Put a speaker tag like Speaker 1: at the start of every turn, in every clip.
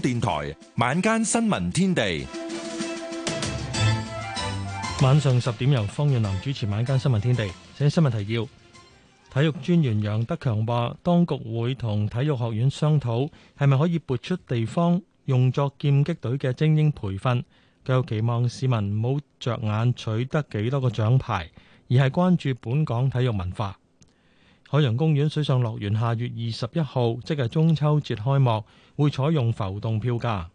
Speaker 1: 電台晚間新聞天地，晚上十點由方遠林主持晚間新聞天地。請新聞提要：體育專員楊德強話，當局會同體育學院商討，係咪可以撥出地方用作劍擊隊嘅精英培訓。佢又期望市民唔好着眼取得幾多個獎牌，而係關注本港體育文化。海洋公園水上樂園下月二十一號，即係中秋節開幕，會採用浮動票價。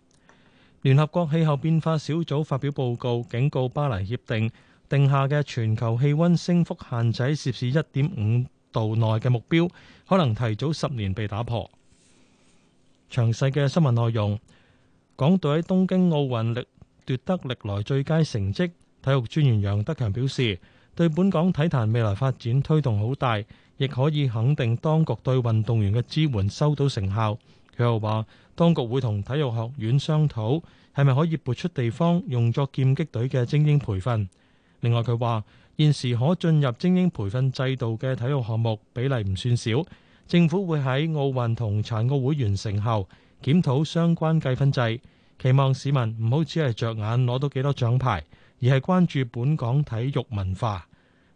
Speaker 1: 聯合國氣候變化小組發表報告，警告巴黎協定定下嘅全球氣温升幅限制，攝氏一點五度內嘅目標，可能提早十年被打破。詳細嘅新聞內容，港隊喺東京奧運歷奪得歷來最佳成績，體育專員楊德強表示，對本港體壇未來發展推動好大。亦可以肯定，當局對運動員嘅支援收到成效。佢又話，當局會同體育學院商討，係咪可以撥出地方用作劍擊隊嘅精英培訓。另外，佢話現時可進入精英培訓制度嘅體育項目比例唔算少。政府會喺奧運同殘奧會完成後檢討相關計分制，期望市民唔好只係著眼攞到幾多獎牌，而係關注本港體育文化。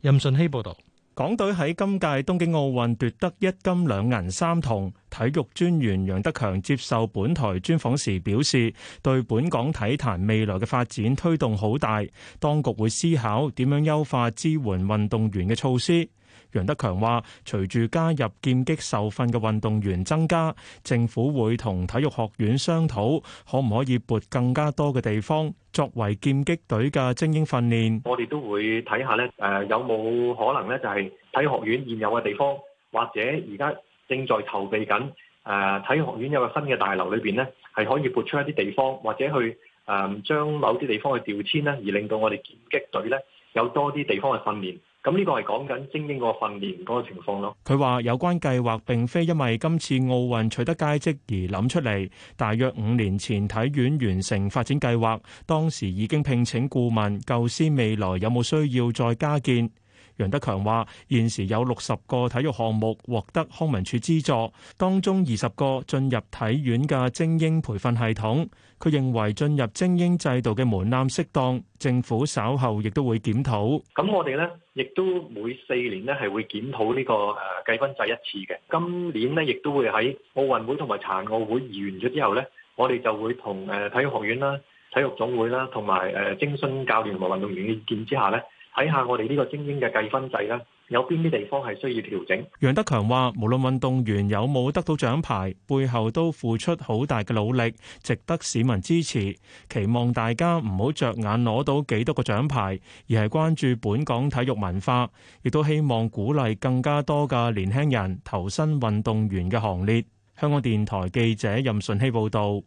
Speaker 1: 任順希報導。
Speaker 2: 港隊喺今屆東京奧運奪得一金兩銀三銅，體育專員楊德強接受本台專訪時表示，對本港體壇未來嘅發展推動好大，當局會思考點樣優化支援運動員嘅措施。楊德強話，隨住加入劍擊受訓嘅運動員增加，政府會同體育學院商討，可唔可以撥更加多嘅地方作為劍擊隊嘅精英訓練。我哋都會睇下咧，誒、呃，有冇可能咧，就係體育學院現有嘅地方，或者而家正在籌備緊，誒、呃，體育學院有個新嘅大樓裏邊咧，係可以撥出一啲地方，或者去誒將、呃、某啲地方去調遷咧，而令到我哋劍擊隊咧有多啲地方嘅
Speaker 1: 訓練。咁呢個係講緊精英個訓練嗰個情況咯。
Speaker 2: 佢話有關計劃並非因為今次奧運取得佳績而諗出嚟，大約五年前體院完成發展計劃，當時已經聘請顧問，構思未來有冇需要再加建。楊德強話現時有六十個體育項目獲得康文署資助，當中二十個進入體院嘅精英培訓系統。佢認為進入精英制度嘅門檻適當，政府稍後亦都會檢討。咁我哋咧，亦都每四年咧係會檢討呢個誒計分制一次嘅。今年咧，亦都會喺奧運會同埋殘奧會完咗之後咧，我哋就會同誒體育學院啦、體育總會啦，同埋誒徵詢教練同埋運動員嘅意見之下咧，睇下我哋呢個精英嘅計分制啦。有邊啲地方係需要調整？楊德強話，無論運動員有冇得到獎牌，背後都付出好大嘅努力，值得市民支持。期望大家唔好着眼攞到幾多個獎牌，而係關注本港體育文化，亦都希望鼓勵更加多嘅年輕人投身運動員
Speaker 1: 嘅行列。香港電台記者任順希報道。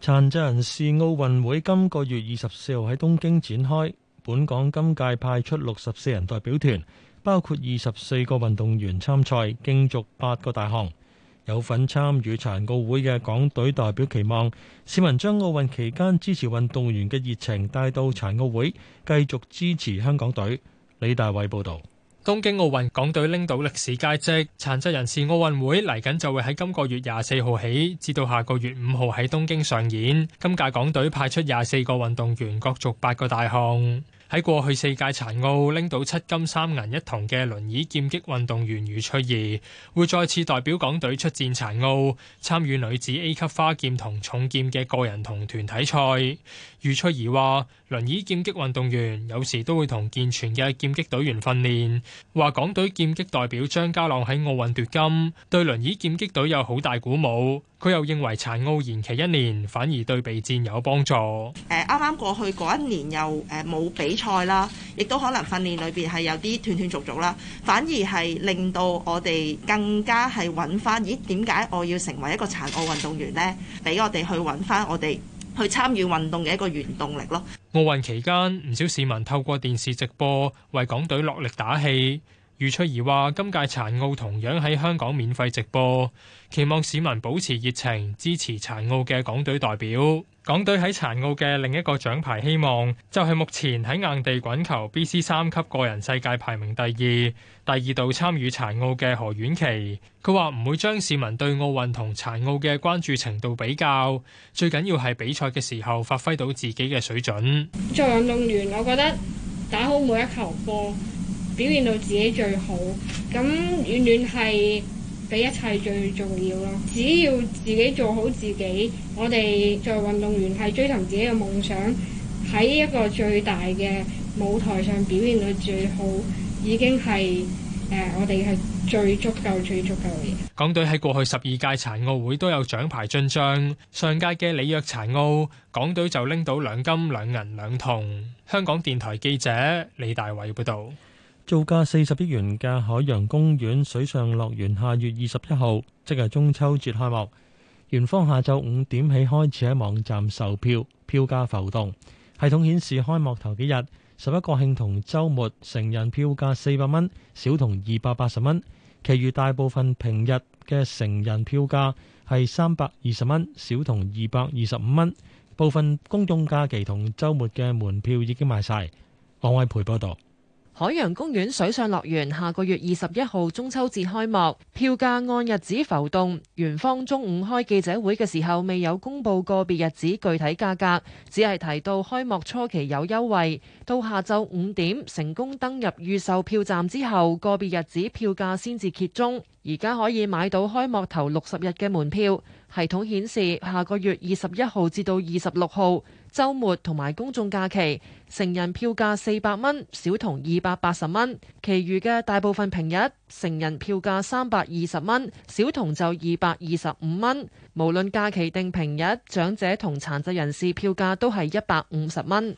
Speaker 1: 殘疾人士奧運會今個月二十四號喺東京展開，本港今屆派出六十四人代表團。包括二十四個運動員參賽，競逐八個大項。有份參與殘奧會嘅港隊代表期望市民將奧運期間支持運動員嘅熱情帶到殘奧會，繼續支持香港隊。李大偉報道，
Speaker 3: 東京奧運，港隊拎到歷史佳績。殘疾人士奧運會嚟緊就會喺今個月廿四號起，至到下個月五號喺東京上演。今屆港隊派出廿四個運動員，角逐八個大項。喺過去四屆殘奧拎到七金三銀一銅嘅輪椅劍擊運動員余翠怡，會再次代表港隊出戰殘奧，參與女子 A 級花劍同重劍嘅個人同團體賽。余翠怡話：輪椅劍擊運動員有時都會同健全嘅劍擊隊員訓練。話港隊劍擊代表張家朗喺奧運奪金，對輪椅劍擊隊有好大鼓舞。佢又認為殘奧延期一年反而對備戰有幫助。
Speaker 4: 誒啱啱過去嗰一年又誒冇比賽啦，亦都可能訓練裏邊係有啲斷斷續續啦，反而係令到我哋更加係揾翻，咦，點解我要成為一個殘奧運動員呢？俾我哋去揾翻我哋。去參與運動嘅一個原動力
Speaker 3: 咯。奧運期間，唔少市民透過電視直播為港隊落力打氣。余翠儀話：今屆殘奧同樣喺香港免費直播，期望市民保持熱情，支持殘奧嘅港隊代表。港隊喺殘奧嘅另一個獎牌希望，就係目前喺硬地滾球 B C 三級個人世界排名第二，第二度參與殘奧嘅何婉琪，佢話唔會將市民對奧運同殘奧嘅關注程度比較，最緊要係比賽嘅時候發揮到自己嘅水準。
Speaker 4: 做運動員，我覺得打好每一球波，表現到自己最好，咁遠遠係。一切最重要咯，只要自己做好自己，我哋做運動員係追尋自己嘅夢想，喺一個最大嘅舞台上表現到最好，已經係誒、呃、我哋係最足夠最足夠嘅嘢。
Speaker 3: 港隊喺過去十二屆殘奧會都有獎牌進賬，上屆嘅里約殘奧港隊就拎到兩金兩銀兩銅，香港電台記者李大偉報道。
Speaker 1: 造價四十億元嘅海洋公園水上樂園下月二十一號，即係中秋節開幕。園方下晝五點起開始喺網站售票，票價浮動。系統顯示開幕頭幾日，十一國慶同周末成人票價四百蚊，小童二百八十蚊。其餘大部分平日嘅成人票價係三百二十蚊，小童二百二十五蚊。部分公眾假期同周末嘅門票已經賣晒。王偉培報道。海洋
Speaker 5: 公園水上樂園下個月二十一號中秋節開幕，票價按日子浮動。園方中午開記者會嘅時候未有公布個別日子具體價格，只係提到開幕初期有優惠，到下晝五點成功登入預售票站之後，個別日子票價先至揭盅。而家可以買到開幕頭六十日嘅門票，系統顯示下個月二十一號至到二十六號。周末同埋公眾假期，成人票價四百蚊，小童二百八十蚊。其餘嘅大部分平日，成人票價三百二十蚊，小童就二百二十五蚊。無論假期定平日，長者同殘疾人士票價都係一百五十蚊。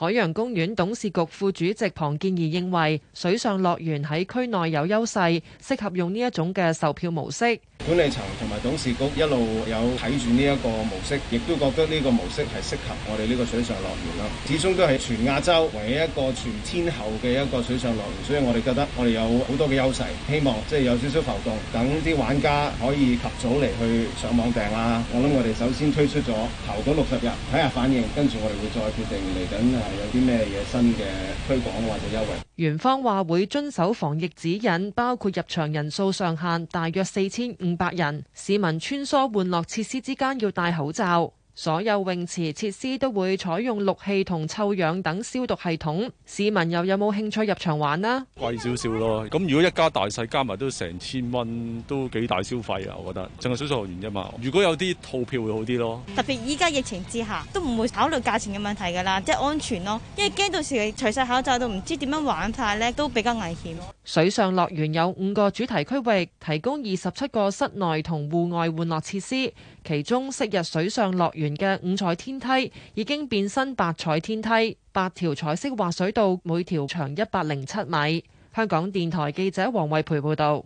Speaker 5: 海洋公園董事局副主席龐建怡認為，水上樂園喺區內有優勢，適合用呢一種嘅售票模式。
Speaker 6: 管理
Speaker 2: 層同埋董事局一路有睇住呢一個模式，亦都覺得呢個模式係適合我哋呢個水上樂園啦。始終都係全亞洲唯一一個全天候嘅一個水上樂園，所以我哋覺得我哋有好多嘅優勢，希望即係有少少浮動等啲玩家可以及早嚟去上網訂啦，啊。我諗我哋首先推出咗，頭嗰六十日睇下反應，跟住我哋會再決定嚟緊，有啲咩嘢新嘅推廣或者優惠？
Speaker 5: 園方話會遵守防疫指引，包括入場人數上限大約四千五百人，市民穿梭玩樂設施之間要戴口罩。所有泳池設施都會採用氯氣同臭氧等消毒系統。市民又有冇興趣入場玩呢？
Speaker 2: 貴少少咯，咁如果一家大細加埋都成千蚊，都幾大消費啊！我覺得淨係水上樂園啫嘛。如果有啲套票會好啲咯。
Speaker 4: 特別依家疫情之下，都唔會考慮價錢嘅問題㗎啦，即係安全咯。因為驚到時除晒口罩都唔知點樣玩法咧，都比較危險咯。
Speaker 5: 水上樂園有五個主題區域，提供二十七個室內同戶外玩樂設施。其中昔日水上樂園嘅五彩天梯已經變身八彩天梯，八條彩色滑水道，每條長一百零七米。香港電台記者黃慧培報道。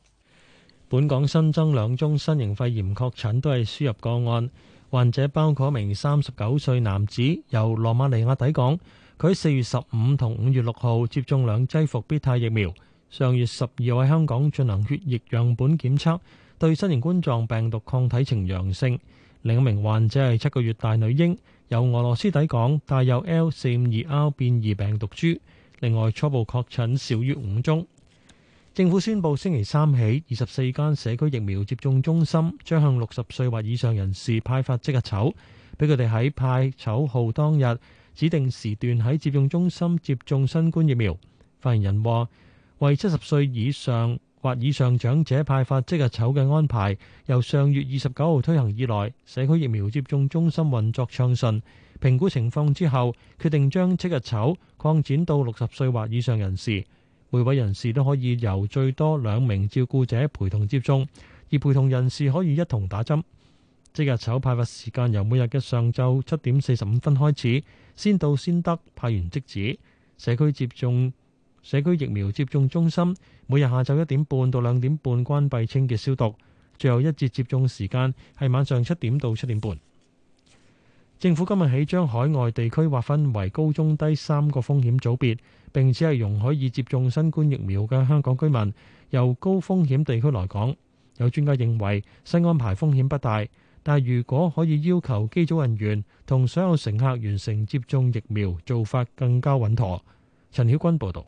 Speaker 1: 本港新增兩宗新型肺炎確診，都係輸入個案。患者包括一名三十九歲男子，由羅馬尼亞抵港。佢四月十五同五月六號接種兩劑伏必泰疫苗。上月十二號喺香港進行血液樣本檢測，對新型冠狀病毒抗體呈陽性。另一名患者係七個月大女嬰，由俄羅斯抵港，帶有 L 四五二 R 變異病毒株。另外初步確診少於五宗。政府宣布星期三起，二十四間社區疫苗接種中心將向六十歲或以上人士派發即日籌，俾佢哋喺派籌號當日指定時段喺接種中心接種新冠疫苗。發言人話：為七十歲以上或以上長者派發即日籌嘅安排，由上月二十九號推行以來，社區疫苗接種中心運作暢順。評估情況之後，決定將即日籌擴展到六十歲或以上人士。每位人士都可以由最多兩名照顧者陪同接種，而陪同人士可以一同打針。即日籌派發時間由每日嘅上晝七點四十五分開始，先到先得，派完即止。社區接種。社區疫苗接種中心每日下晝一點半到兩點半關閉清潔消毒，最後一節接種時間係晚上七點到七點半。政府今日起將海外地區劃分為高、中、低三個風險組別，並只係容許已接種新冠疫苗嘅香港居民由高風險地區來港。有專家認為新安排風險不大，但係如果可以要求機組人員同所有乘客完成接種疫苗，做法更加穩妥。陳曉君報導。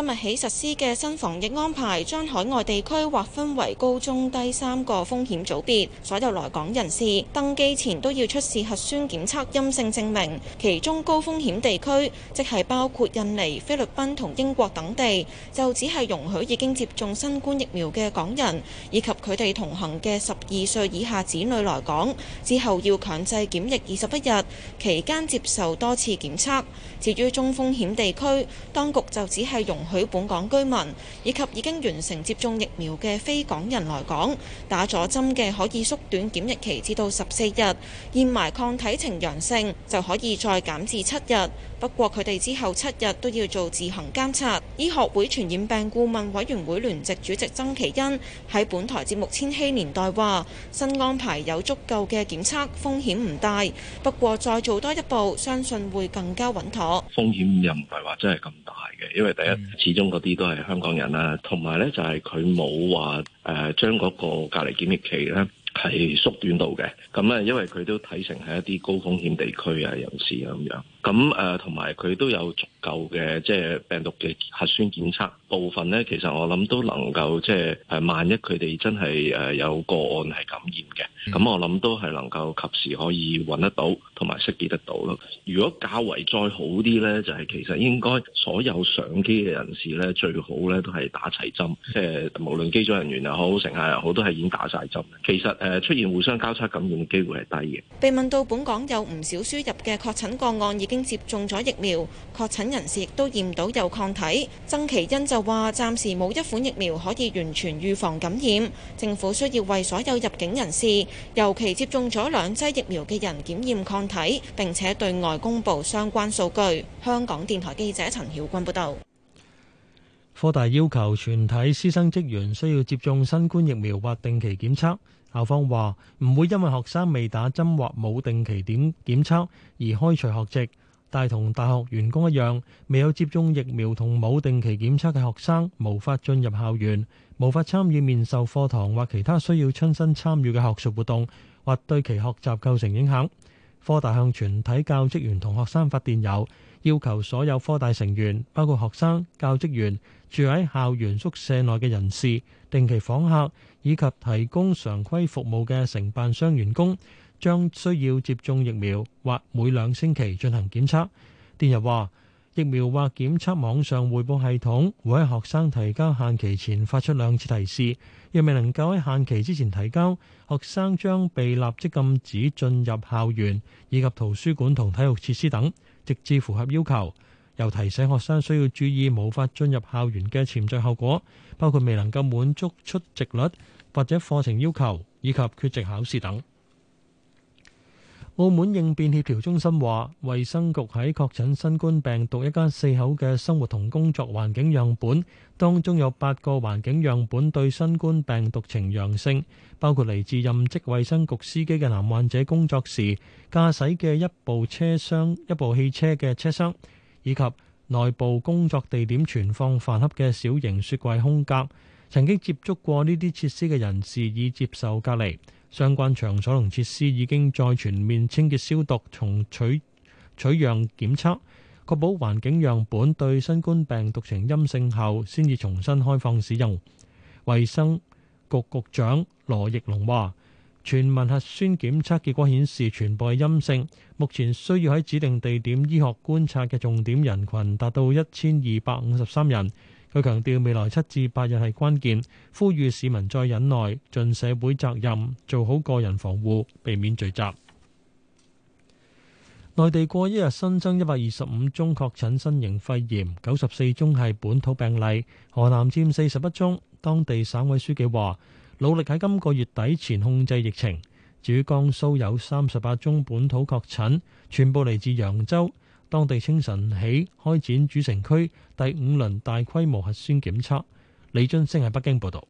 Speaker 4: 今日起實施嘅新防疫安排，將海外地區劃分為高、中、低三個風險組別。所有來港人士登機前都要出示核酸檢測陰性證明。其中高風險地區，即係包括印尼、菲律賓同英國等地，就只係容許已經接種新冠疫苗嘅港人以及佢哋同行嘅十二歲以下子女來港，之後要強制檢疫二十一日，期間接受多次檢測。至於中風險地區，當局就只係容許本港居民以及已經完成接種疫苗嘅非港人來港。打咗針嘅，可以縮短檢疫期至到十四日，驗埋抗體呈陽性就可以再減至七日。不過佢哋之後七日都要做自行監測。醫學會傳染病顧問委員會聯席主席曾祈殷喺本台節目《千禧年代》話：新安排有足夠嘅檢測，風險唔大。不過再做多一步，相信會更加穩妥。
Speaker 2: 風險又唔係話真係咁大嘅，因為第一、嗯、始終嗰啲都係香港人啦，同埋咧就係佢冇話誒將嗰個隔離檢疫期咧係縮短到嘅。咁咧因為佢都睇成係一啲高風險地區啊人士啊。咁樣。咁誒同埋佢都有足夠嘅即係病毒嘅核酸檢測部分咧，其實我諗都能夠即係誒，萬一佢哋真係誒有個案係感染嘅，咁、嗯、我諗都係能夠及時可以揾得到同埋識別得到咯。如果較為再好啲咧，就係、是、其實應該所有上機嘅人士咧，最好咧都係打齊針，即係、嗯就是、無論機組人員又好，乘客又好，都係已經打晒針，其實誒、呃、出現互相交叉感染嘅機會係低嘅。
Speaker 4: 被問到本港有唔少輸入嘅確診個案已經接種咗疫苗，確診人士亦都驗到有抗體。曾其恩就話：暫時冇一款疫苗可以完全預防感染。政府需要為所有入境人士，尤其接種咗兩劑疫苗嘅人檢驗抗體，並且對外公佈相關數據。香港電台記者陳曉君報道。
Speaker 1: 科大要求全體師生職員需要接種新冠疫苗或定期檢測。校方話：唔會因為學生未打針或冇定期點檢測而開除學籍。但同大學員工一樣，未有接種疫苗同冇定期檢測嘅學生，無法進入校園，無法參與面授課堂或其他需要親身參與嘅學術活動，或對其學習構成影響。科大向全體教職員同學生發電郵，要求所有科大成員，包括學生、教職員、住喺校園宿舍內嘅人士、定期訪客以及提供常規服務嘅承辦商員工，將需要接種疫苗或每兩星期進行檢測。電郵話，疫苗或檢測網上匯報系統會喺學生提交限期前發出兩次提示，若未能夠喺限期之前提交，學生將被立即禁止進入校園以及圖書館同體育設施等，直至符合要求。又提醒學生需要注意無法進入校園嘅潛在後果，包括未能夠滿足出席率或者課程要求以及缺席考試等。澳門應變協調中心話，衛生局喺確診新冠病毒一家四口嘅生活同工作環境樣本當中，有八個環境樣本對新冠病毒呈陽性，包括嚟自任職衛生局司機嘅男患者工作時駕駛嘅一部車廂、一部汽車嘅車廂，以及內部工作地點存放飯盒嘅小型雪櫃空格。曾經接觸過呢啲設施嘅人士，已接受隔離。相關場所同設施已經再全面清潔消毒，從取取樣檢測，確保環境樣本對新冠病毒呈陰性後，先至重新開放使用。衛生局局長羅奕龍話，全民核酸檢測結果顯示全部係陰性，目前需要喺指定地點醫學觀察嘅重點人群達到一千二百五十三人。佢強調未來七至八日係關鍵，呼籲市民再忍耐，盡社會責任，做好個人防護，避免聚集。內地過一日新增一百二十五宗確診新型肺炎，九十四宗係本土病例，河南佔四十一宗。當地省委書記話：努力喺今個月底前控制疫情。至於江蘇有三十八宗本土確診，全部嚟自揚州。當地清晨起開展主城區第五輪大規模核酸檢測。李俊升喺北京報導。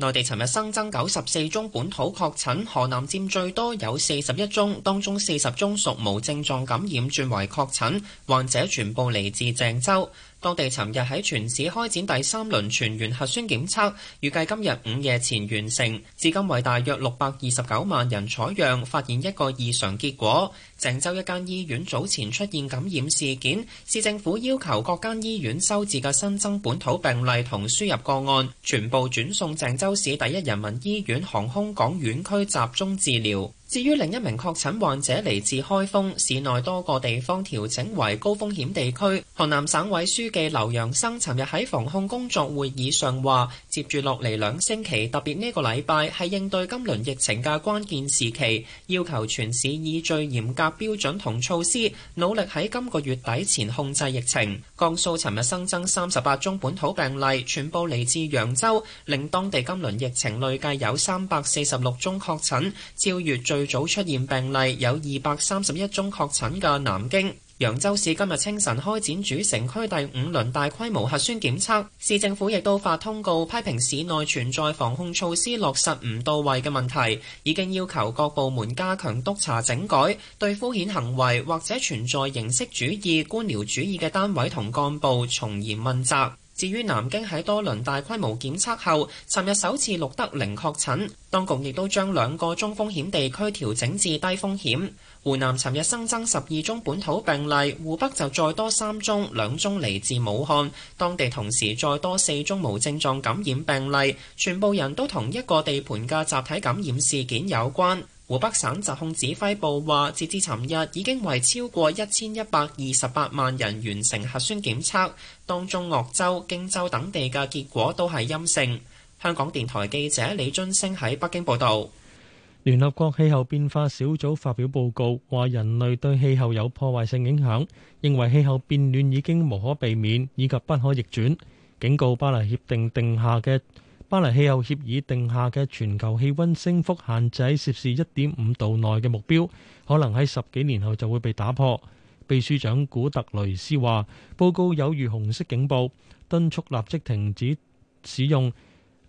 Speaker 7: 內地尋日新增九十四宗本土確診，河南佔最多，有四十一宗，當中四十宗屬無症狀感染轉為確診，患者全部嚟自鄭州。當地尋日喺全市開展第三輪全員核酸檢測，預計今日午夜前完成。至今為大約六百二十九萬人採樣，發現一個異常結果。鄭州一間醫院早前出現感染事件，市政府要求各間醫院收治嘅新增本土病例同輸入個案，全部轉送鄭州市第一人民醫院航空港院區集中治療。至於另一名確診患者嚟自開封，市內多個地方調整為高風險地區。河南省委書記劉陽生尋日喺防控工作會議上話，接住落嚟兩星期，特別呢個禮拜係應對今輪疫情嘅關鍵時期，要求全市以最嚴格標準同措施，努力喺今個月底前控制疫情。江蘇尋日新增三十八宗本土病例，全部嚟自揚州，令當地今輪疫情累計有三百四十六宗確診，超越最最早出現病例有二百三十一宗確診嘅南京，揚州市今日清晨開展主城區第五輪大規模核酸檢測，市政府亦都發通告，批評市內存在防控措施落實唔到位嘅問題，已經要求各部門加強督察整改，對敷衍行為或者存在形式主義、官僚主義嘅單位同幹部從嚴問責。至於南京喺多輪大規模檢測後，尋日首次錄得零確診，當局亦都將兩個中風險地區調整至低風險。湖南尋日新增十二宗本土病例，湖北就再多三宗，兩宗嚟自武漢，當地同時再多四宗無症狀感染病例，全部人都同一個地盤嘅集體感染事件有關。湖北省疾控指揮部話，截至尋日，已經為超過一千一百二十八萬人完成核酸檢測，當中鄂州、荊州等地嘅結果都係陰性。香港電台記者李津升喺北京報道。
Speaker 1: 聯合國氣候變化小組發表報告話，人類對氣候有破壞性影響，認為氣候變暖已經無可避免以及不可逆轉，警告巴黎協定定下嘅巴黎氣候協議定下嘅全球氣溫升幅限制，攝氏1.5度內嘅目標，可能喺十幾年後就會被打破。秘書長古特雷斯話：報告有如紅色警報，敦促立即停止使用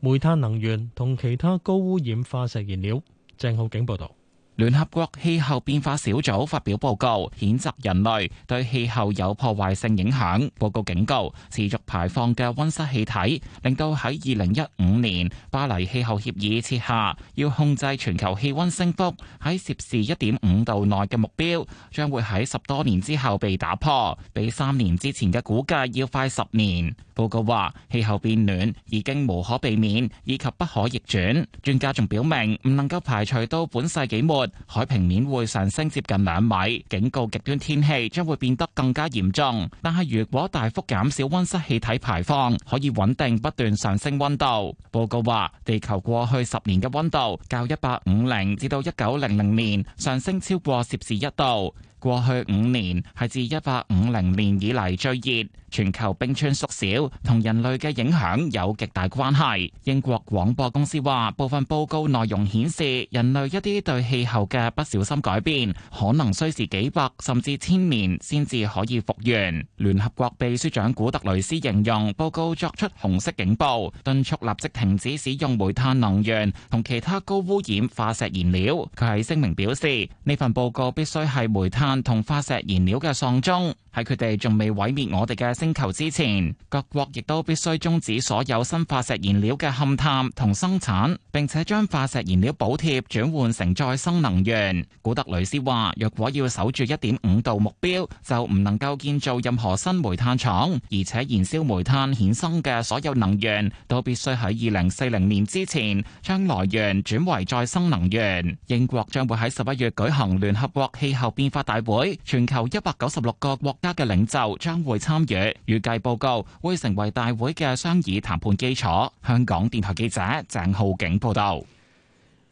Speaker 1: 煤炭能源同其他高污染化石燃料。鄭浩景報導。
Speaker 6: 聯合國氣候變化小組發表報告，譴責人類對氣候有破壞性影響。報告警告，持續排放嘅溫室氣體，令到喺二零一五年巴黎氣候協議設下要控制全球氣溫升幅喺攝氏一點五度內嘅目標，將會喺十多年之後被打破，比三年之前嘅估計要快十年。報告話，氣候變暖已經無可避免以及不可逆轉。專家仲表明，唔能夠排除到本世紀末。海平面會上升接近兩米，警告極端天氣將會變得更加嚴重。但係如果大幅減少溫室氣體排放，可以穩定不斷上升溫度。報告話，地球過去十年嘅溫度較一八五零至到一九零零年上升超過攝氏一度。過去五年係自一八五零年以嚟最熱，全球冰川縮小同人類嘅影響有極大關係。英國廣播公司話，部分報告內容顯示，人類一啲對氣候嘅不小心改變，可能需時幾百甚至千年先至可以復原。聯合國秘書長古特雷斯形容報告作出紅色警報，敦促立即停止使用煤炭能源同其他高污染化石燃料。佢喺聲明表示，呢份報告必須係煤炭。同化石燃料嘅喪鐘。喺佢哋仲未毀滅我哋嘅星球之前，各國亦都必須終止所有新化石燃料嘅勘探同生產，並且將化石燃料補貼轉換成再生能源。古特雷斯話：若果要守住一點五度目標，就唔能夠建造任何新煤炭廠，而且燃燒煤炭衍生嘅所有能源都必須喺二零四零年之前將來源轉為再生能源。英國將會喺十一月舉行聯合國氣候變化大會全球一百九十六個國家嘅領袖將會參與，預計報告會成為大會嘅商議談判基礎。香港電台記者鄭浩景報道。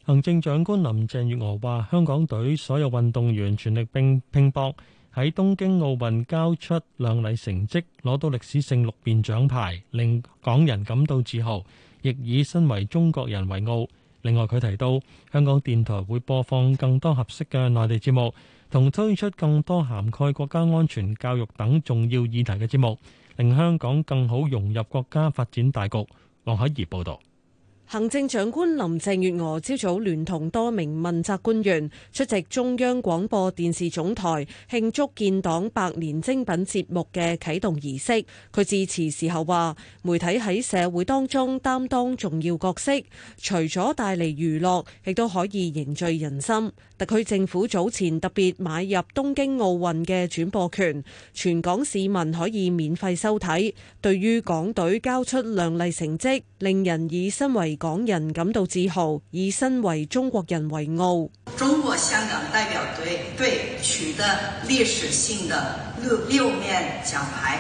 Speaker 1: 行政長官林鄭月娥話，香港隊所有運動員全力並拼搏喺東京奧運交出亮麗成績，攞到歷史性六面獎牌，令港人感到自豪，亦以身為中國人為傲。另外，佢提到香港電台會播放更多合適嘅內地節目。同推出更多涵蓋國家安全教育等重要議題嘅節目，令香港更好融入國家發展大局。王海怡報導。
Speaker 8: 行政長官林鄭月娥朝早聯同多名問責官員出席中央廣播電視總台慶祝建黨百年精品節目嘅啟動儀式。佢致辭時候話：媒體喺社會當中擔當重要角色，除咗帶嚟娛樂，亦都可以凝聚人心。特區政府早前特別買入東京奧運嘅轉播權，全港市民可以免費收睇。對於港隊交出亮麗成績，令人以身為港人感到自豪，以身為中國人為傲。中國香港代表隊隊取得歷史性的六六面獎牌，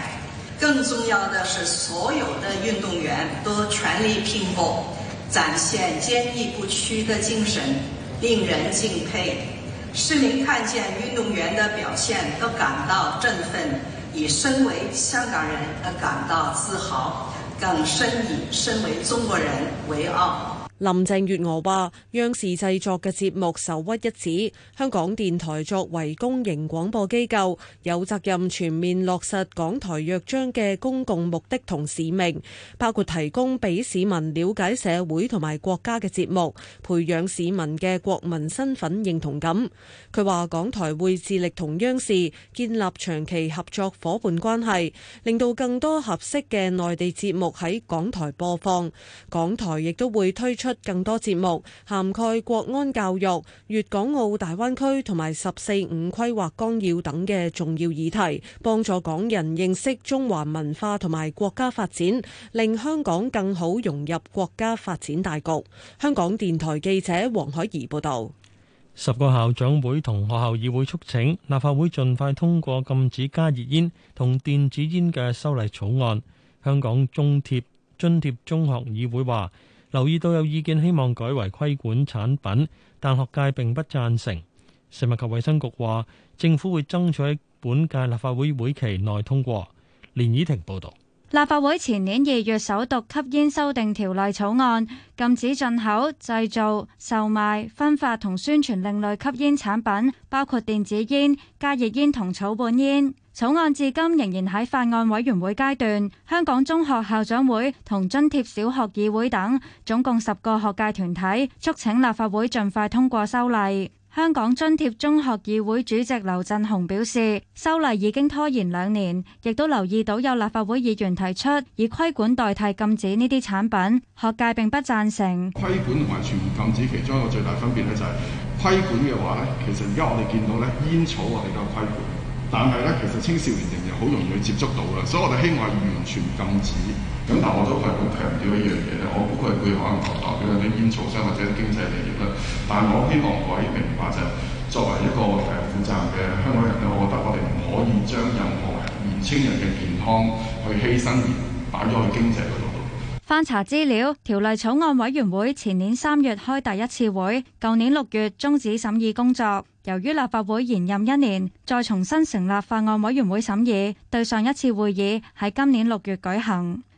Speaker 8: 更重要的是，所有的運動員都全力拼搏，展現堅毅不屈的精神，令人敬佩。市民看見運動員的表現，都感到振奮，以身為香港人而感到自豪。更深以身為中國人為傲。林鄭月娥話，央視製作嘅節目首屈一指。香港電台作為公營廣播機構，有責任全面落實港台約章嘅公共目的同使命，包括提供俾市民了解社會同埋國家嘅節目，培養市民嘅國民身份認同感。佢話港台會致力同央視建立長期合作伙伴關係，令到更多合適嘅內地節目喺港台播放。港台亦都會推出出更多節目，涵蓋國安教育、粵港澳大灣區同埋十四五規劃綱要等嘅重要議題，幫助港人認識中華文化同埋國家發展，令香港更好融入國家發展大局。香港電台記者黃海怡報道。
Speaker 1: 十個校長會同學校議會促請立法會盡快通過禁止加熱煙同電子煙嘅修例草案。香港中貼津貼中學議會話，留意到有意見希望改為規管產品，但學界並不贊成。食物及衛生局話，政府會爭取喺本屆立法會會期內通過。連以婷報導。
Speaker 9: 立法會前年二月首讀吸煙修訂條例草案，禁止進口、製造、售賣、分發同宣傳另類吸煙產品，包括電子煙、加熱煙同草本煙。草案至今仍然喺法案委員會階段，香港中學校長會同津貼小學議會等總共十個學界團體促請立法會盡快通過修例。香港津貼中學議會主席劉振雄表示，修例已經拖延兩年，亦都留意到有立法會議員提出以規管代替禁止呢啲產品，學界並不贊成。規
Speaker 6: 管同埋全面禁止其中一個最大分別咧，就係規管嘅話咧，其實而家我哋見到咧，煙草我哋叫規管。但係咧，其實青少年仍然好容易去接觸到啦，所以我哋希望係完全禁止。咁，但係我都係好強調一樣嘢咧，我估佢會可能代表緊啲煙草商或者啲經濟利益啦。但我希望各位明白，就係，就係作為一個誒負責任嘅香港人咧，我覺得我哋唔可以將任何年青人嘅健康去犧牲而擺咗去經濟度。
Speaker 9: 翻查資料，條例草案委員會前年三月開第一次會，舊年六月終止審議工作。由於立法會延任一年，再重新成立法案委員會審議，對上一次會議喺今年六月舉行。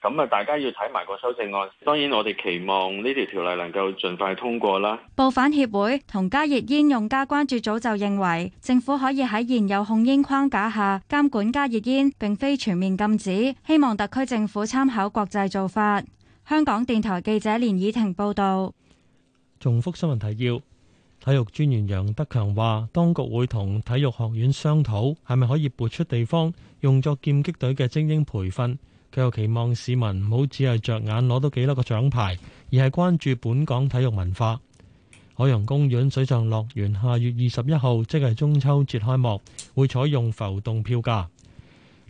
Speaker 2: 咁啊！大家要睇埋個修正案。當然，我哋期望呢條條例能夠盡快通過啦。
Speaker 9: 報販協會同加熱煙用家關注組就認為，政府可以喺現有控煙框架下監管加熱煙，並非全面禁止。希望特區政府參考國際做法。香港電台記者連以婷報導。
Speaker 1: 重複新聞提要。體育專員楊德強話，當局會同體育學院商討，係咪可以撥出地方用作劍擊隊嘅精英培訓。佢又期望市民唔好只係着眼攞到幾多個獎牌，而係關注本港體育文化。海洋公園水上樂園下月二十一號即係中秋節開幕，會採用浮動票價。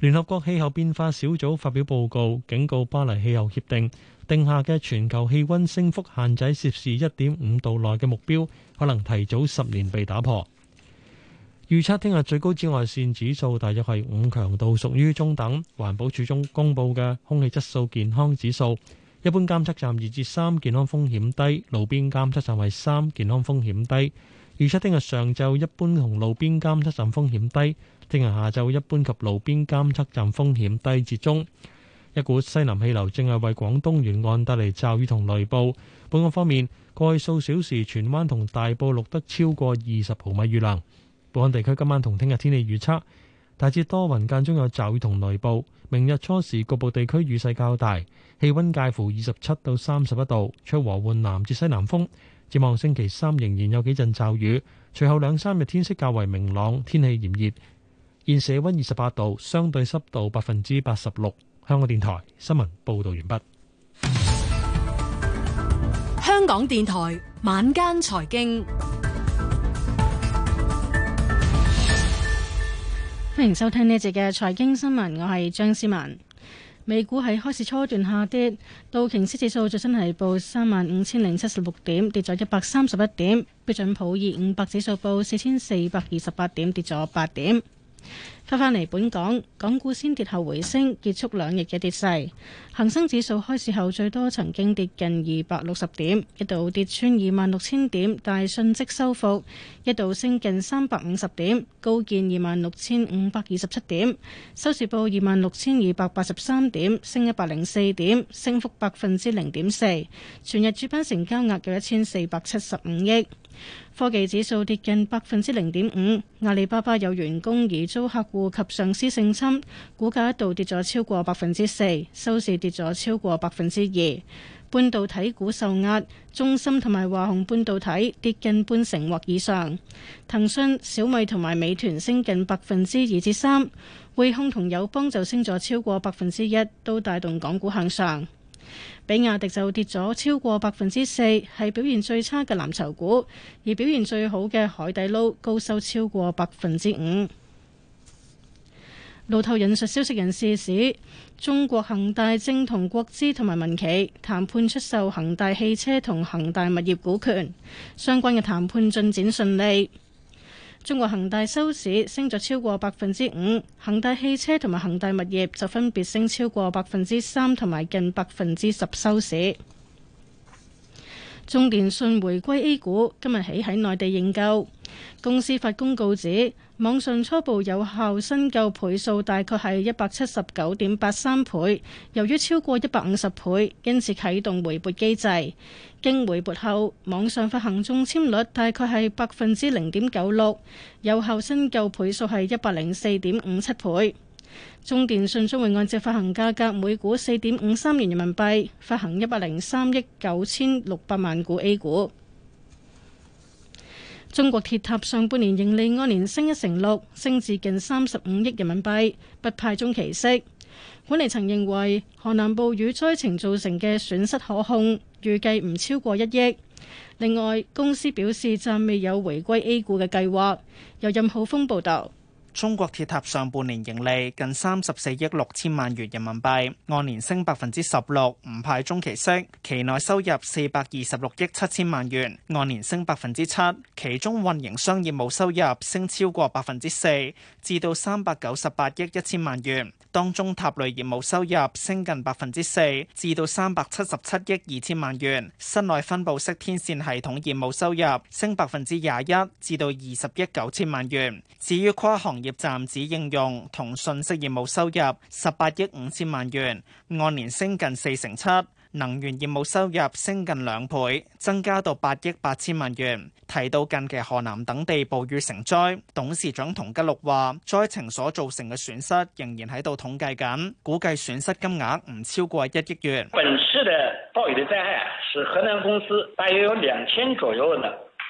Speaker 1: 聯合國氣候變化小組發表報告，警告巴黎氣候協定定下嘅全球氣溫升幅限制，攝氏一點五度內嘅目標，可能提早十年被打破。預測聽日最高紫外線指數大約係五強度，屬於中等。環保署中公布嘅空氣質素健康指數，一般監測站二至三，健康風險低；路邊監測站為三，健康風險低。預測聽日上晝一般同路邊監測站風險低，聽日下晝一般及路邊監測站風險低至中。一股西南氣流正係為廣東沿岸帶嚟驟雨同雷暴。本港方面，過去數小時，荃灣同大埔錄得超過二十毫米雨量。本港地區今晚同聽日天氣預測，大致多雲，間中有驟雨同雷暴。明日初時局部地區雨勢較大，氣溫介乎二十七到三十一度，吹和緩南至西南風。展望，星期三仍然有幾陣驟雨，隨後兩三日天色較為明朗，天氣炎熱。現時氣溫二十八度，相對濕度百分之八十六。香港電台新聞報道完畢。
Speaker 8: 香港電台晚間財經。
Speaker 10: 歡迎收聽呢一節嘅財經新聞，我係張思文。美股喺開市初段下跌，道瓊斯指數最新係報三萬五千零七十六點，跌咗一百三十一點，標準普爾五百指數報四千四百二十八點，跌咗八點。翻返嚟本港，港股先跌後回升，結束兩日嘅跌勢。恒生指數開市後最多曾經跌近二百六十點，一度跌穿二萬六千點，但係瞬即收復，一度升近三百五十點，高見二萬六千五百二十七點。收市報二萬六千二百八十三點，升一百零四點，升幅百分之零點四。全日主板成交額有一千四百七十五億。科技指數跌近百分之零點五，阿里巴巴有員工疑遭客戶及上司性侵，股價一度跌咗超過百分之四，收市跌咗超過百分之二。半導體股受壓，中芯同埋華虹半導體跌近半成或以上。騰訊、小米同埋美團升近百分之二至三，匯控同友邦就升咗超過百分之一，都帶動港股向上。比亞迪就跌咗超過百分之四，係表現最差嘅藍籌股，而表現最好嘅海底撈高收超過百分之五。路透引述消息人士指，中國恒大正同國資同埋民企談判出售恒大汽車同恒大物業股權，相關嘅談判進展順利。中國恒大收市升咗超過百分之五，恒大汽車同埋恒大物業就分別升超過百分之三同埋近百分之十收市。中電訊回歸 A 股，今日起喺內地認購。公司發公告指，網上初步有效申購倍數大概係一百七十九點八三倍，由於超過一百五十倍，因此啟動回撥機制。經回撥後，網上發行中簽率大概係百分之零點九六，有效申購倍數係一百零四點五七倍。中電信將會按照發行價格每股四點五三元人民幣，發行一百零三億九千六百萬股 A 股。中國鐵塔上半年盈利按年升一成六，升至近三十五億人民幣，不派中期息。管理層認為河南暴雨災情造成嘅損失可控，預計唔超過一億。另外，公司表示暫未有回歸 A 股嘅計劃。由任浩峰報道。
Speaker 11: 中國鐵塔上半年盈利近三十四億六千萬元人民幣，按年升百分之十六，唔派中期息。期內收入四百二十六億七千萬元，按年升百分之七，其中運營商業務收入升超過百分之四，至到三百九十八億一千萬元。當中塔類業務收入升近百分之四，至到三百七十七億二千萬元。室內分布式天線系統業務收入升百分之廿一，至到二十億九千萬元。至於跨行業，業站址應用同信息業務收入十八億五千萬元，按年升近四成七；能源業務收入升近兩倍，增加到八億八千萬元。提到近期河南等地暴雨成災，董事長同吉禄話：災情所造成嘅損失仍然喺度統計緊，估計損失金額唔超過一億元。本
Speaker 1: 次嘅暴雨災害，係河南公司大約有兩千左右。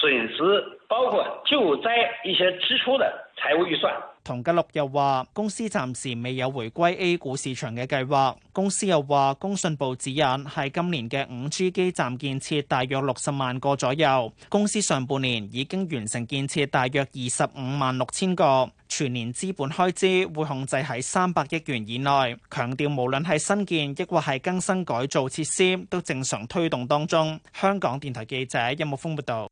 Speaker 1: 損失包括救災一些支出的財務預算。同
Speaker 11: 吉利又話公司暫時未有回歸 A 股市場嘅計劃。公司又話，工信部指引係今年嘅五 G 基站建設大約六十萬個左右。公司上半年已經完成建設大約二十五萬六千個，全年資本開支會控制喺三百億元以內。強調無論係新建抑或係更新改造設施，都正常推動當中。香港電台記者任木峰報道。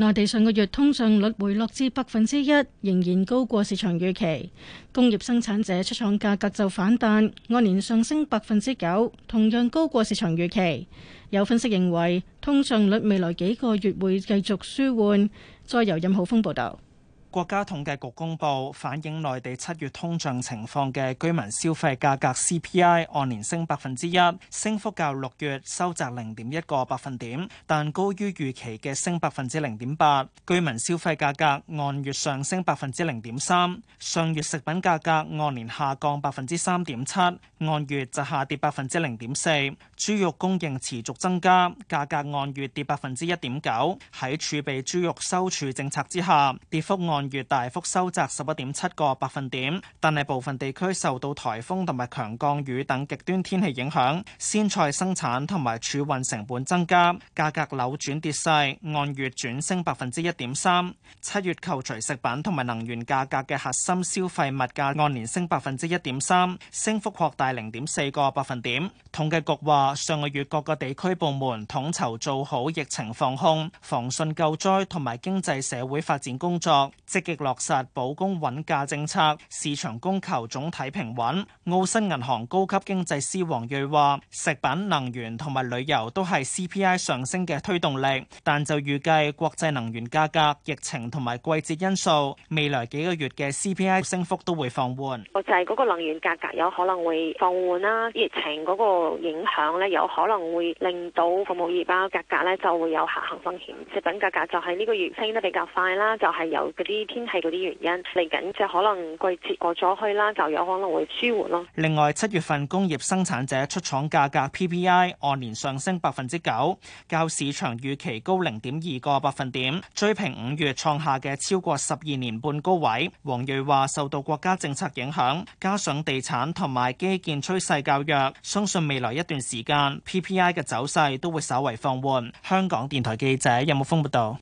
Speaker 10: 內地上個月通脹率回落至百分之一，仍然高過市場預期。工業生產者出廠價格就反彈，按年上升百分之九，同樣高過市場預期。有分析認為，通脹率未來幾個月會繼續舒緩。再由任浩峰報導。
Speaker 11: 國家統計局公布反映內地七月通脹情況嘅居民消費價格 CPI 按年升百分之一，升幅較六月收窄零點一個百分點，但高於預期嘅升百分之零點八。居民消費價格按月上升百分之零點三，上月食品價格按年下降百分之三點七，按月就下跌百分之零點四。豬肉供應持續增加，價格按月跌百分之一點九。喺儲備豬肉收儲政策之下，跌幅按按月大幅收窄十一點七個百分點，但係部分地區受到台風同埋強降雨等極端天氣影響，鮮菜生產同埋儲運成本增加，價格扭轉跌勢，按月轉升百分之一點三。七月扣除食品同埋能源價格嘅核心消費物價按年升百分之一點三，升幅擴大零點四個百分點。統計局話上個月各個地區部門統籌做好疫情防控、防汛救災同埋經濟社會發展工作。積極落實保供穩價政策，市場供求總體平穩。澳新銀行高級經濟師黃瑞話，食品、能源同埋旅遊都係 CPI 上升嘅推動力，但就預計國際能源價格、疫情同埋季節因素，未來幾個月嘅 CPI 升幅都會放緩。
Speaker 5: 就係嗰個能源價格有可能會放緩啦，疫情嗰個影響咧有可能會令到服務業包價格咧就會有下行風險。食品價格就係呢個月升得比較快啦，就係有嗰啲。天氣嗰啲原因嚟緊，就可能季節過咗去啦，就有可能會舒
Speaker 11: 緩咯。另外，七月份工業生產者出廠價格 PPI 按年上升百分之九，較市場預期高零點二個百分點，追平五月創下嘅超過十二年半高位。黃瑞話：受到國家政策影響，加上地產同埋基建趨勢較弱，相信未來一段時間 PPI 嘅走勢都會稍為放緩。香港電台記者任木峯報道。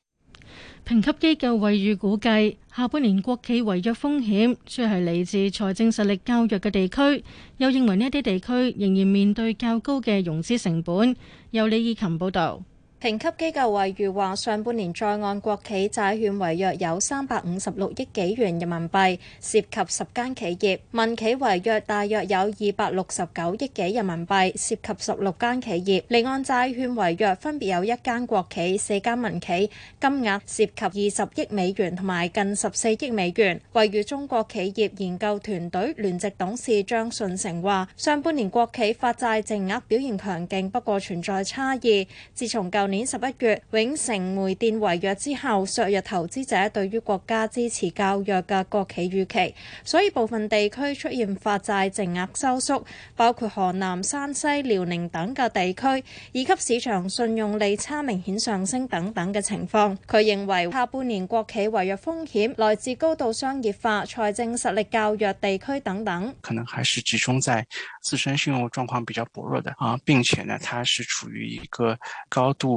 Speaker 10: 評級機構惠譽估計，下半年國企違約風險主要係嚟自財政實力較弱嘅地區，又認為呢一啲地區仍然面對較高嘅融資成本。由李以琴報道。
Speaker 12: 評級機構惠譽話，上半年在岸國企債券違約有三百五十六億幾元人民幣，涉及十間企業；民企違約大約有二百六十九億幾人民幣，涉及十六間企業。離岸債券違約分別有一間國企、四間民企，金額涉及二十億美元同埋近十四億美元。惠譽中國企業研究團隊聯席董事張信成話：上半年國企發債淨額表現強勁，不過存在差異。自從舊年十一月永城煤電違約之後，削弱投資者對於國家支持較弱嘅國企預期，所以部分地區出現發債淨額收縮，包括河南、山西、遼寧等嘅地區，以及市場信用利差明顯上升等等嘅情況。佢認為下半年國企違約風險來自高度商業化、財政實力較弱地區等等，
Speaker 6: 可能還是集中在自身信用狀況比較薄弱的啊，並且呢，它是處於一個高度。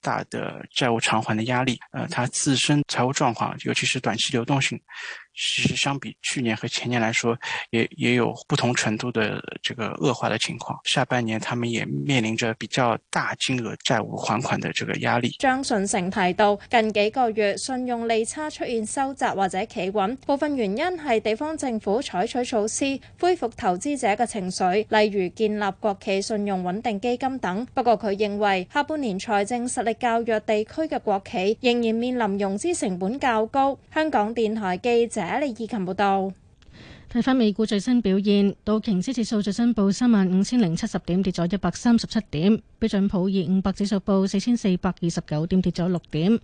Speaker 6: 大的債務償還的壓力，呃，他自身財務狀況，尤其是短期流動性，其實相比去年和前年來說，也也有不同程度的這個惡化的情況。下半年他們也面臨着比較大金額債務還款的這個壓力。
Speaker 12: 張順成提到，近幾個月信用利差出現收窄或者企穩，部分原因係地方政府採取措施恢復投資者嘅情緒，例如建立國企信用穩定基金等。不過佢認為下半年財政實力。較弱地區嘅國企仍然面臨融資成本較高。香港電台記者李義琴報道。睇翻美股最新表現，道瓊斯指
Speaker 10: 數最新報三萬五千零七十點，跌咗一百三十七點；標準普爾五百指數報四千四百二十九點，跌咗六點。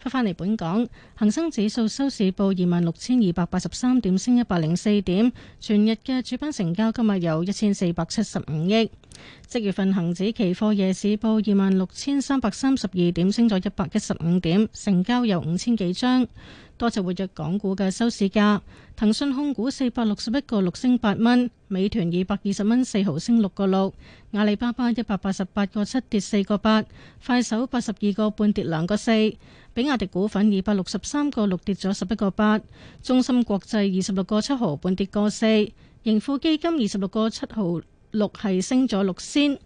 Speaker 10: 翻返嚟本港，恒生指數收市報二萬六千二百八十三點，升一百零四點。全日嘅主板成交今日有一千四百七十五億。即月份恒指期貨夜市報二萬六千三百三十二點，升咗一百一十五點，成交有五千幾張。多隻活躍港股嘅收市價，騰訊控股四百六十一個六升八蚊，美團二百二十蚊四毫升六個六，阿里巴巴一百八十八個七跌四個八，快手八十二個半跌兩個四，比亞迪股份二百六十三個六跌咗十一個八，中芯國際二十六個七毫半跌個四，盈富基金二十六個七毫六係升咗六仙。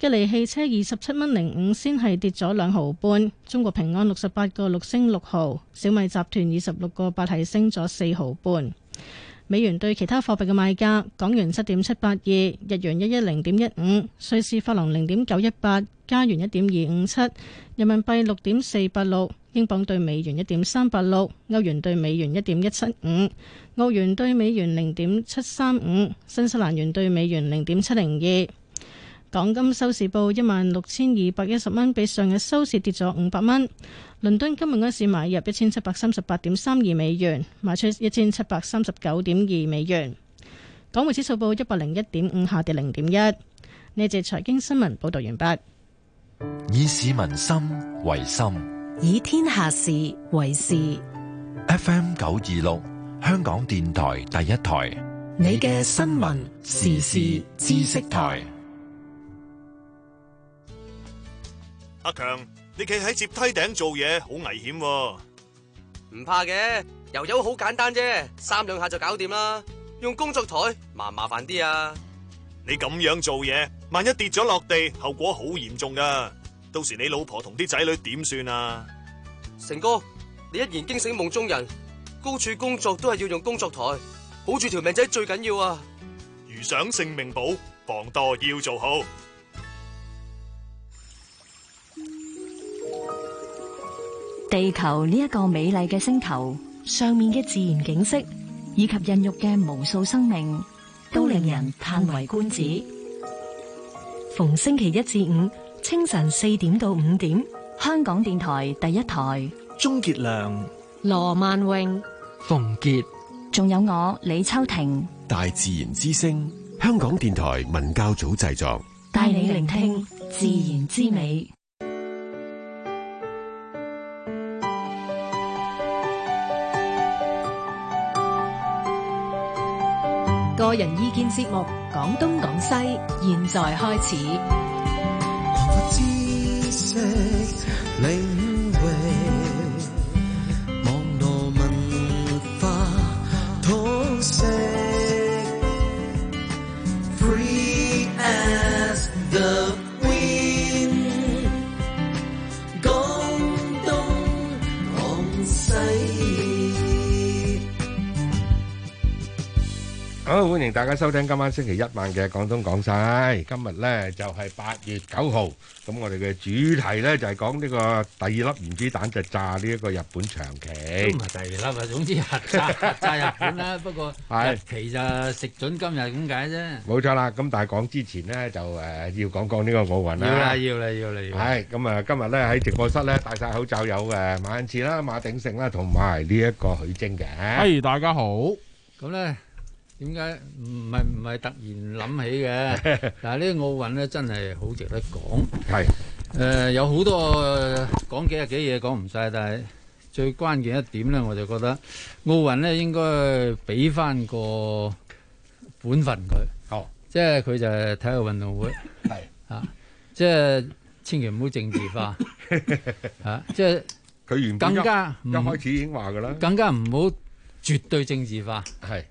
Speaker 10: 吉利汽車二十七蚊零五先係跌咗兩毫半。中國平安六十八個六升六毫，小米集團二十六個八係升咗四毫半。美元對其他貨幣嘅賣價：港元七點七八二，日元一一零點一五，瑞士法郎零點九一八，加元一點二五七，人民幣六點四八六，英鎊兌美元一點三八六，歐元兌美元一點一七五，澳元兌美元零點七三五，新西蘭元兌美元零點七零二。港金收市報一萬六千二百一十蚊，比上日收市跌咗五百蚊。倫敦金每盎司買入一千七百三十八點三二美元，賣出一千七百三十九點二美元。港匯指數報一百零一點五，下跌零點一。呢節財經新聞報道完畢。
Speaker 3: 以市民心為心，以天下事為事。F M 九二六，香港電台第一台，你嘅新聞時事知識台。
Speaker 1: 阿強，你企喺摺梯頂做嘢好危險。唔怕嘅，油油好簡單啫，三兩下就搞掂啦。用工作台麻唔麻煩啲啊？你咁樣做嘢，萬一跌咗落地，後果好嚴重噶，到時你老婆同啲仔女點算啊？
Speaker 2: 成哥，你一言驚醒夢中人，高處工作都係要用工作台，保住條命仔最緊要啊！如想性命保，防墮要做好。
Speaker 8: 地球呢，一個美麗嘅星球上面嘅自然景色以及孕育嘅無數生命，都令人嘆為觀止。逢星期一至五清晨四點到五點，香港電台第一台。鍾傑良、羅萬榮、
Speaker 2: 馮傑，仲有我
Speaker 8: 李秋婷。
Speaker 2: 大自然之聲，香港電台文教組製作，
Speaker 8: 帶你聆聽自然之美。
Speaker 12: 個人意見節目《講東講西》，現在開始。
Speaker 2: 好，歡迎大家收聽今晚星期一晚嘅廣東講晒。今日咧就係八月九號，咁我哋嘅主題咧就係講呢個第二粒原子彈就炸呢一個日本長崎，都唔係第二
Speaker 13: 粒，總之核炸炸日本啦。不過係其實食準今日咁解啫。
Speaker 2: 冇錯啦，咁但係講之前咧就誒，要講講呢個奧運啦。要啦，要
Speaker 13: 啦，要啦。係
Speaker 2: 咁啊，今日咧喺直播室咧戴晒口罩，有誒馬恩賜啦、馬鼎盛啦同埋呢一個許晶嘅。係，大家好，咁
Speaker 13: 咧。點解唔係，唔係突然諗起嘅？但係呢奧運咧真係好值得講。係誒，有好多講幾日幾夜講唔晒，但係最關鍵一點咧，我就覺得奧運咧應該俾翻個本分佢。哦，即係佢就係體育運動會。係啊，即係千祈唔好政治化啊！即係佢原本一一開始已經話噶啦，更加唔好絕對政治化。係。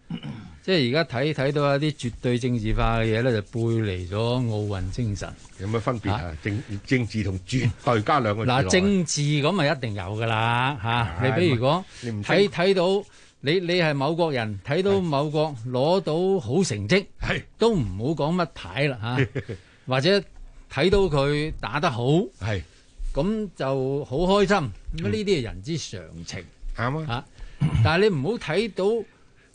Speaker 13: 即係而家睇睇到一啲絕對政治化嘅嘢咧，就背離咗奧運精神。有咩分別啊？政政治同豬再加兩個字。政治咁咪一定有噶啦嚇。你比如講，睇睇到你你係某國人，睇到某國攞到好成績，係都唔好講乜牌啦嚇。或者睇到佢打得好，係咁就好開心。咁呢啲係人之常情啱嘛？嚇。但係你唔好睇到。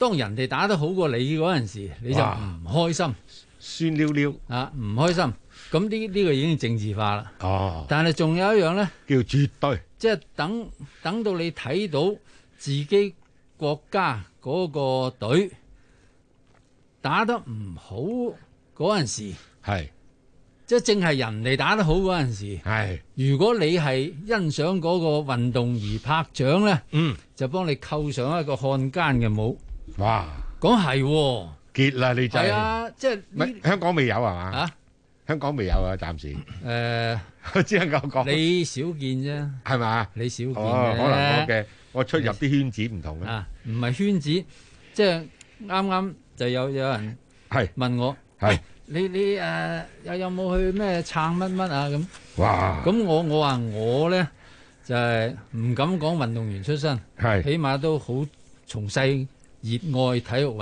Speaker 13: 當人哋打得好過你嗰陣時，你就唔開心，酸溜溜啊！唔開心，咁呢呢個已經政治化啦。哦，但係仲有一樣咧，叫絕對，即係等等到你睇到自己國家嗰個隊打得唔好嗰陣時，係是，即係正係人哋打得好嗰陣時。係是，如果你係欣賞嗰個運動而拍掌咧，嗯，就幫你扣上一個漢奸嘅帽。哇！講係結啦，你就係啊，即係香港未有係嘛？啊，香港未有啊，暫時誒，我只能夠講你少見啫，係咪？你少見可能我嘅，我出入啲圈子唔同嘅啊，唔係圈子，即係啱啱就有有人係問我係，你你誒又有冇去咩撐乜乜啊咁？哇！咁我我話我咧就係唔敢講，運動員出身，係起碼都好從細，熱愛體育。